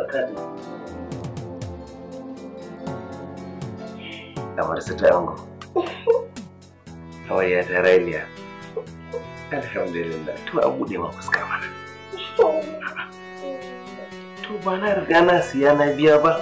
وبركاته amarcita yangu hawaye ta raliya alhamdulillah to a bude ma fuska mana to ba na riga na siya na biya ba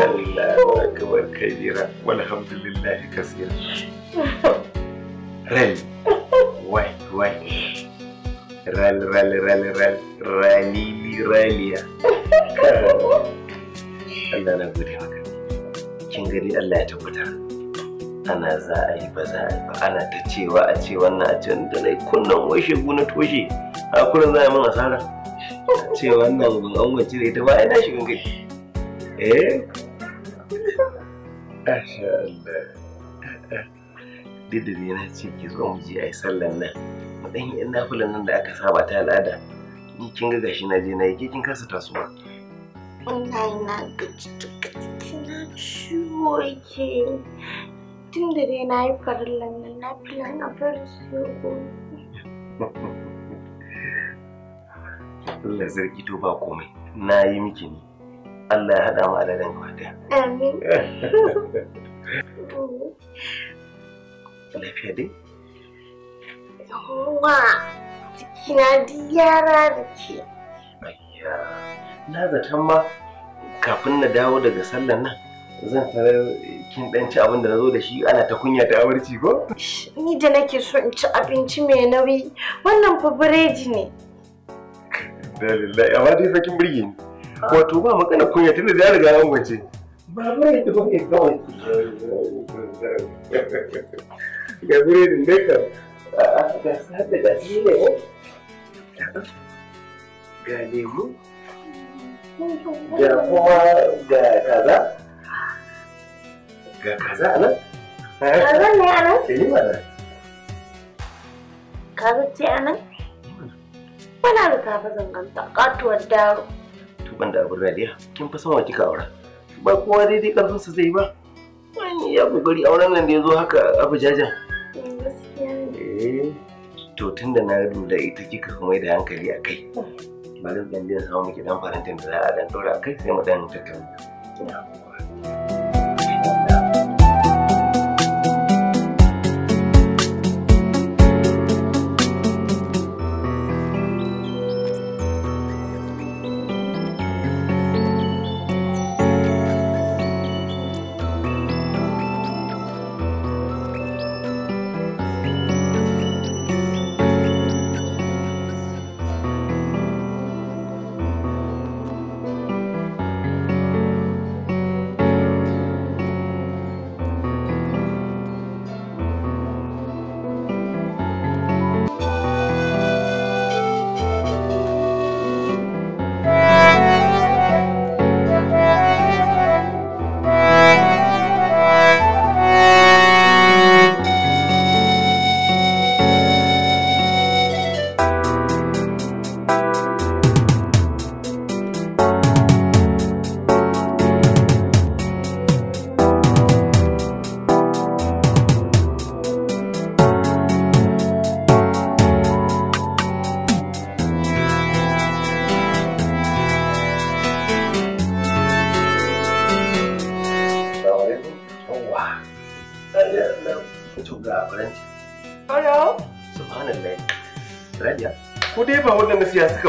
Allah akbar kabira walhamdulillah kasira rel Güey, güey. rel rel rel rel ralili raliya Allah na gode maka kin gari Allah ya tabbata. ana za a yi ba za a yi ba ana ta cewa a ce wannan a ce da na kunnan washe guna toshe a kurin za a yi min A ce wannan gun an wace da ita ba yi na gun gari eh Asha Allah duk da na ce ke zo mu je a yi sallan nan mu ɗan yi ɗan nafilan nan da aka saba ta al'ada ni kin ga gashi na je na yi ke kin kasa tasowa. Wallahi na gaji duka na ciwo ke. tun da dai na yi farallan nan na filan a farin su Allah zargi to ba komai na yi miki ne Allah ya haɗa mu aladen kwata. Amin. lafiya dai yawa jikina duk yara da ke na zaton ma kafin na dawo daga sallan nan zan tarar kin ɗan ci abin da na zo da shi ana ta kunya ta abarci ko? Ni da nake so in ci abinci mai nauyi wannan fa biredi ne. Da lillahi amma dai fa kin burge ni. Ah. Wato ba magana kunya tunda da ya riga ya gwance. Ba biredi ba ne kawai. ga biredin dai kam ga sada ga ne lemu ga lemu ga kuma ga kaza ga kaza ana. nan kaza ne a nan? ke yi mana kaza ce a nan? da tafi zanganta katuwar daro tuban da abin radiya kin fi son wa kika aura ba kowa daidai karfinsa zai yi ba ya kokari auren nan da ya zo haka abu jaja. Eh, to tun da na lura ita kika kuma da hankali a kai. Hmm. Bari zan je samu miki dan farantin da za a dan dora a kai sai mu dan tattauna.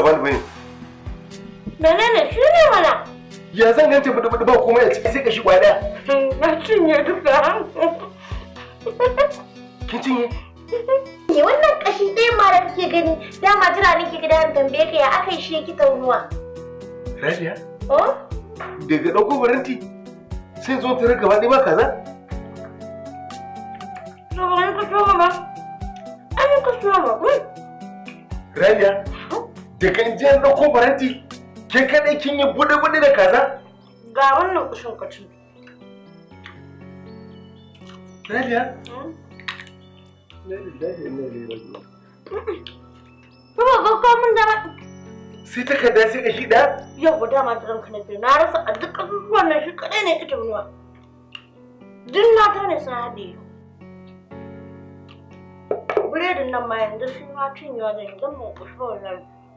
kika bani bayin ne shi ne mana ya zan gance budu budu ba komai a ciki sai ka shi kwaya daya na cinye duka Ki cinye ne wannan kashi ɗaya ma da kake gani ma jira nake gida an tambaye ka ya aka shi yake taunuwa Radiya? Oh? Daga ɗauko waranti sai zo ta rika baɗi ba kaza? Shugaban ka shugaba, an ka shugaba, Radiya? da kan je in ɗauko faranti ke kaɗai kin yi buɗe-buɗe da kaza? Ga wannan kushin kacin. Nadia? Kuma ga komin da Sai ta kada sai ka shi ɗaya? Yau ba dama da ranka na na rasa a duk abubuwan na shi kaɗai ne ita ruwa. Duk na ta ne sun haɗe yau. Biredin nan ma yanzu shi ma cinyewa zai yi don mu kusa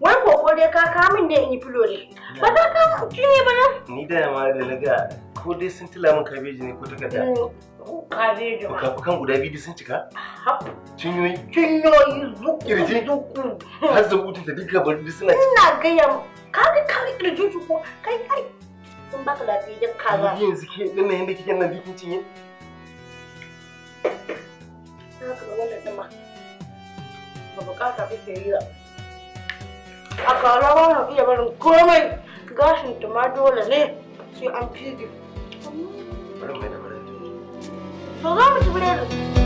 wai koko dai ka kamun da in yi filo ne ba za ka cinye ba nan ni da yamma da na ga ko dai sun tila min kabeji ne ko takarda mm, kabeji ma kan guda biyu sun cika cinyoyi cinyoyi zuku kirji zuku har zabutun da duka da suna ciki ina gaya ka ga ka ga kirjin su ko kai kai sun baka lafiyar kaza zuke din nan yanda kike nan bikin cinye ka ga wannan dama ba bukata kake yi ba a kara ba na iya barin komai gashin ta ma dole ne sai an fige. Bari mai da za mu ci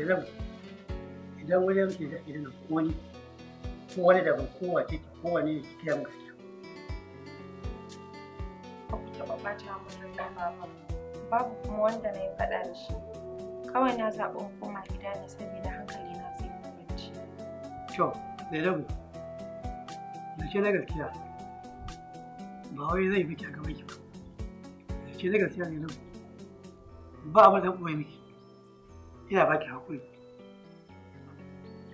idan idan wani idan wani ko wani daban ko wace ko wani ne ki kiyan gaskiya. Ba ku taɓa ɓata mun da ba babu kuma wanda na yi faɗa da shi kawai na zaɓi in koma gida ne saboda hankali na zai yi bacci. Kyau, da rabu, zance na gaskiya ba wai zai miki a gaba ki ba. Zance na gaskiya ne rabu, ba abin da yi miki. ina baki hakuri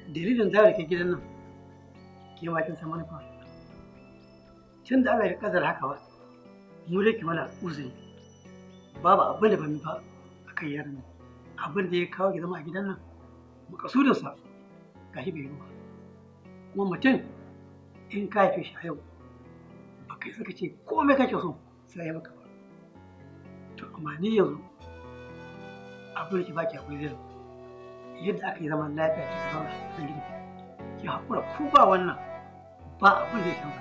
dalilin zai ke gidan nan ke ma kin san manufa tun da Allah ya kadar haka ba mu dai ki mana uzuri babu abin da ba fa ba akan yaran nan abin da ya kawo ki zama a gidan nan makasudin sa shi bai ruwa kuma mutum in ka haife shi a yau ba kai suka ce komai kake so sai ya maka ba to amma ni yanzu abin ki baki akwai zai yadda aka yi zaman lafiya ki zama a cikin gidan ki haƙura ko ba wannan ba abin da ya canza.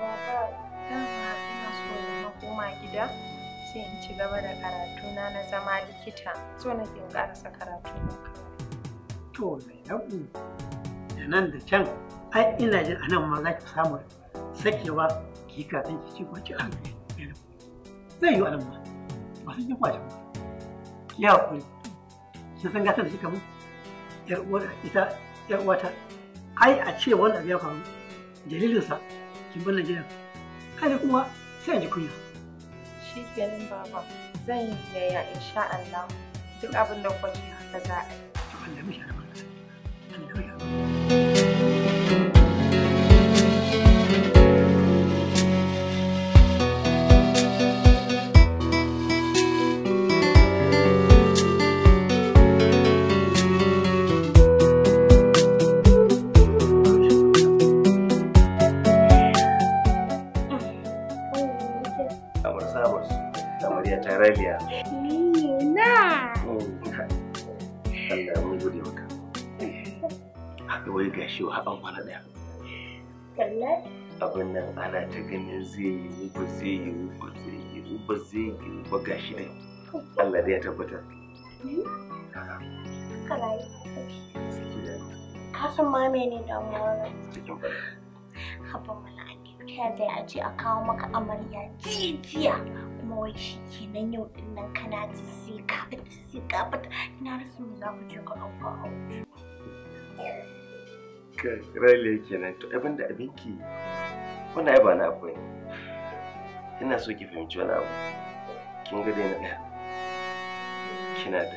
Baba, dan ina so na koma gida sai in ci gaba da karatuna na zama likita so na ke karasa karatu na To, yau da nan da can, ai ina jin anan ma za ki samu sakewa ki kafin ki ci kwanci hankali. Zai yi anan ma, ba sai ki kwace ba. ya hakuri kin san gatan da kika mu yar uwar ita yar uwata ai a ce wannan abu ya faru dalilin sa kin bar gidan kai kuma sai ji kunya shikenan baba zan yi biyayya insha Allah duk abin da kwaje haka za a yi biyu ba gashi ne Allah da ya tabbatar ka san ma mene damuwa na haba mana ta zai a ce a kawo maka amarya jijiya kuma wai shi kenan yau din nan kana ji sai ka fita sai ka fita ina rasa mu za ku je ka auka auki kai rale kenan to abin da abinki wannan ai ba na abu ina so ki fahimci wani abu kin ga daina ɗaya kina da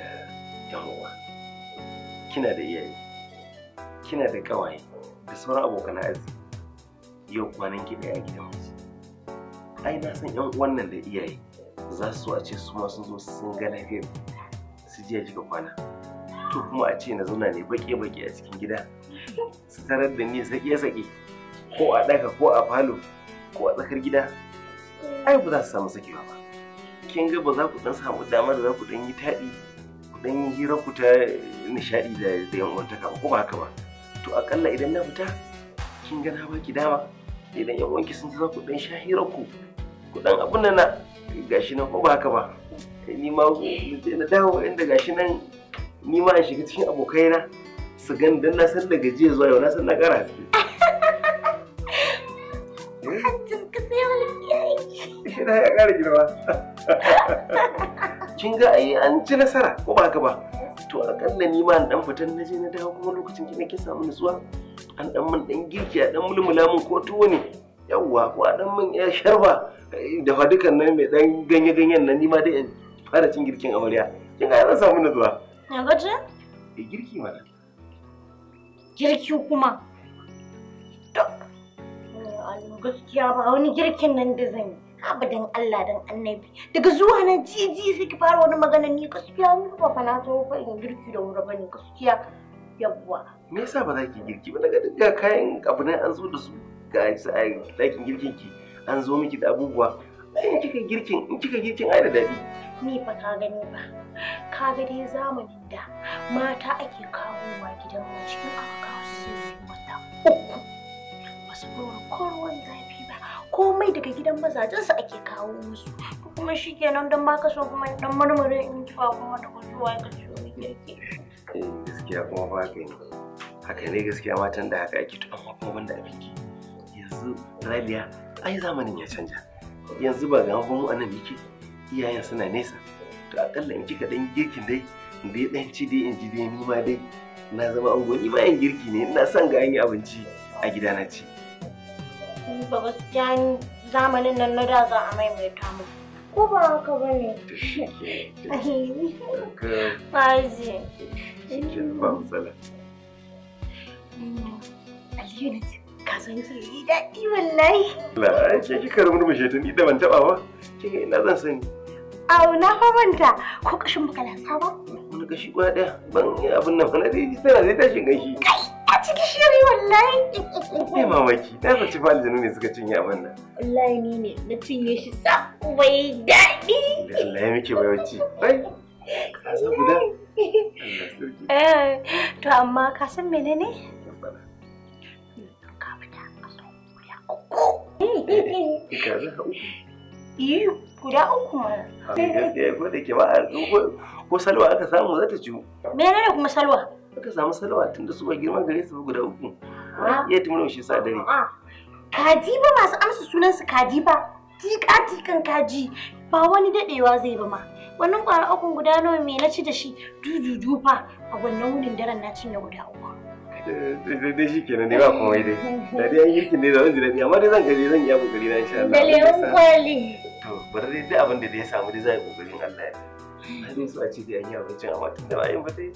ƴan uwa kina da iyaye kina da ƙawaye da sauran abokan arziki yau kwanan ki ɗaya a gidan mace ai na san yan uwan nan da iyaye za su a ce su ma sun zo sun ga lafiyar su je kika kwana to kuma a ce na zauna ne baƙe-baƙe a cikin gida su tarar da ni saƙe-saƙe, ko a ɗaka ko a falo ko a tsakar gida ai ba za su samu sakewa ba kin ga ba za ku dan samu damar za ku dan yi taɗi ku dan yi hira ku ta nishaɗi da da yan ko ba kuma haka ba to akalla idan na fita kin ga na baki dama idan yan wanki sun za ku dan sha hira ku ku dan abun nan gashi nan ko ba haka ba eh, ni ma na dawo inda gashi nan ni ma a shiga cikin abokaina su gan dan na san daga jiya zuwa yau na san na kara su Shi na ya kara girma. kin ga ai an ci nasara ko ba ka ba to akalla ni ma dan fitan naje na dawo kuma lokacin ki nake samu nutsuwa an dan mun dan girki a dan mulmula mun ko tuwo ne yawwa ko a dan mun ya sharba da fa dukan nan mai dan ganye ganyen nan ni ma dai fara cin girkin amarya kin ga an samu nutsuwa na gaje eh girki ma. girki kuma eh, gaskiya ba wani girkin nan da zan yi abadan Allah dan annabi daga zuwa na jiji sai ki fara wani magana ni gaskiya ni ba fa na so fa in girki da wuri bane gaskiya yawwa me yasa ba za ki girki ba daga dukkan kayan abu ne an zo da su ga su ai dakin girkin ki an zo miki da abubuwa in kika girkin in kika girkin ai da dadi ni fa ka gani ba ka ga dai zamanin da mata ake kawowa gidan mu cikin aka kawo su mata uku ba su kowar ai daga gidan su ake kawo musu kuma shi kenan don ka so kuma dan marmarin in ji ba kuma da kusurwa ka ciwo yake eh, gaskiya kuma ba ka yi haka ne gaskiya matan da haka ake tuba amma kuma banda ki yanzu raliya ai zamanin ya canja yanzu ba ga mu a nan muke iyayen suna nesa to akalla in kika dan girkin dai dai dan ci dai in ji dai ni ma dai na zama an ni ma yan girki ne ina son ga an yi abinci a gidana ci. Ba gaskiya ni zamanin nan na da za a maimaita mu ko ba haka ba ne fazi mm. aliyu na ce kazan ke yi daɗi wallahi la ke kika rumurmushe tun da ban taɓa ba kika ina zan sani au na famanta ko ƙashin baka lasa ba wani kashi kwa ɗaya ban yi abin nan wani dai tana dai tashin gashi kai ci gishiri wallahi. Ne mamaki, na zaci ba aljanu ne suka cinye abin nan. Wallahi ni ne, na cinye shi sa bai daɗi. Allah ya miki bai wacce. Eh. To amma ka san menene? Ka fita a guda uku. Eh, ka uku. Iyo, eh, guda uku mana. Gaskiya ko da ke ba a ko salwa aka samu za ta ciwo. ne kuma salwa? Suka samu salawa tun da su ba girma gare su guda uku. Ah. ya Iya tumurin shi sa dare. Ah. Kaji ba masu amsa sunan su kaji ba. Tika tikan kaji ba wani dadewa zai ba ma. Wannan kwara ukun guda nawa me na ci da shi dududu fa a wannan wurin daren na cinye guda uku. Eh, eh, dai shi kenan dai ba kuma dai. Da dai an yirkin dai da wani daɗi amma dai zan gari zan yi abu gari na insha Allah. Da lewan kwali. To bari dai duk abin da dai ya samu dai zai kokarin Allah ya. yi dai so a ce dai an yi abincin amma tun da ba ba dai.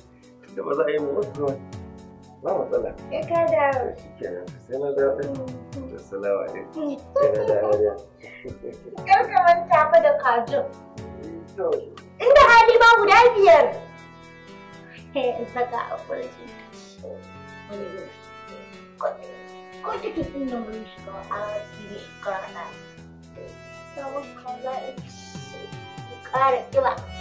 da ba za a yi mu wasu zuwa ba matsala ya ka dawo. shi kenan sai na dawo da salawa ne sai na da ya kar ka manta fa da kajin inda hali ba guda biyar in saka a kurjin wani ko tiket din nan mun shiga a cikin shiga na sabon kaza ƙara ƙiba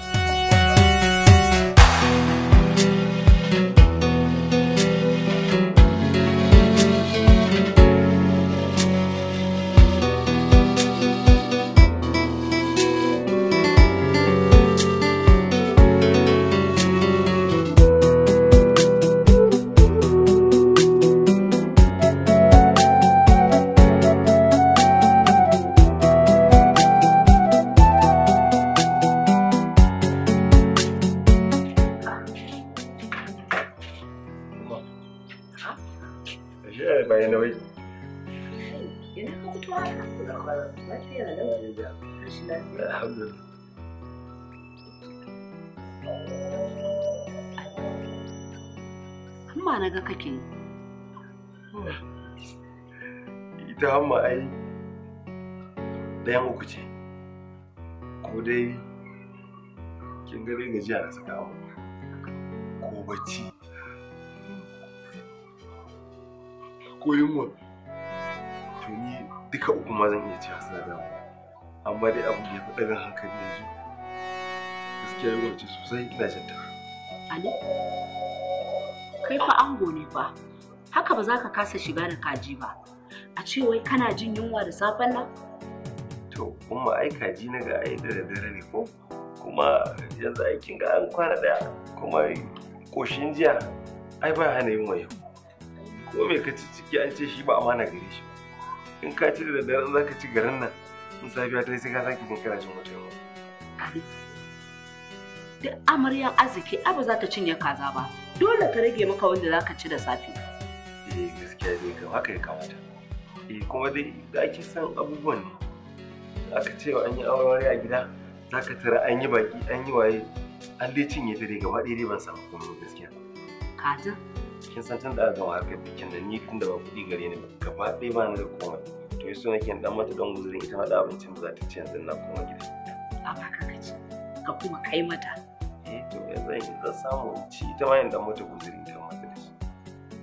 shi a bayan nauyi ina ka hamma na ga kake ita hamma ai ɗayan uku ce ko dai kin ga gajiya na saka ko bacci ko yunwa to ni duka uku ma zan iya ci suna damu amma dai abin da ya fi ɗagan hankali yanzu gaskiya yunwa ce sosai ina jin ta ali kai fa ango ne fa haka ba za ka kasa shiga da kaji ba a ce wai kana jin yunwa da safen nan to kuma ai kaji na ga ai da dare ne ko kuma yanzu aikin ga an kwana daya kuma koshin jiya ai ba hana yunwa yau ko me ka ci ciki an ce shi ba amana gare shi in ka ci da daddare za ka ci garin nan in safiya ta sai ka sake jin kana jin wata yawa duk amaryan arziki a ba za ta cinye kaza ba dole ka rage maka wanda za ka ci da safi eh gaskiya dai ka haka ya kamata eh kuma dai da ake son abubuwan ne aka ce an yi aure a gida za ka tara an yi baki an yi waye an dai cinye ta dai gaba ɗaya dai ban samu komai gaskiya katin kin san da aka gama aka bikin da ni tun da ba kuɗi gare ni ba gaba ɗaya ba ni da komai to suna nake dan mata don guzurin ita ma da abincin da za ta ci yanzu na kuma gida a ba ka ci ka kuma kai mata eh to ya zan yi zan samu ci ita ma dan mata guzuri ita ma da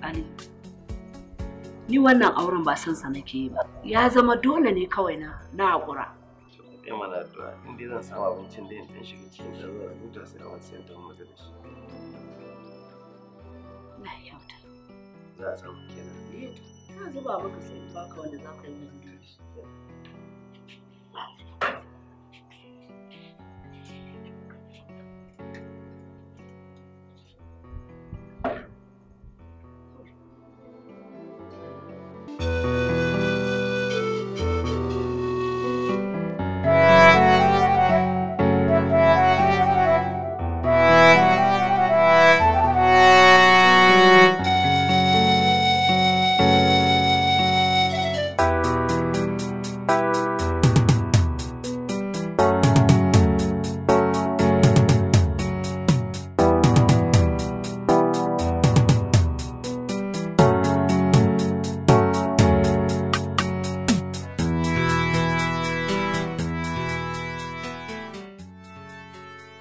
ali ni wannan auren ba san sa nake yi ba ya zama dole ne kawai na na hakura ya mana da in dai zan samu abincin da ɗan shiga cikin da zan rubuta sai a wani sayan ta mata da shi Allah ya Za a samu kenan. Eh zuba maka sai baka wanda za ka yi wani da shi.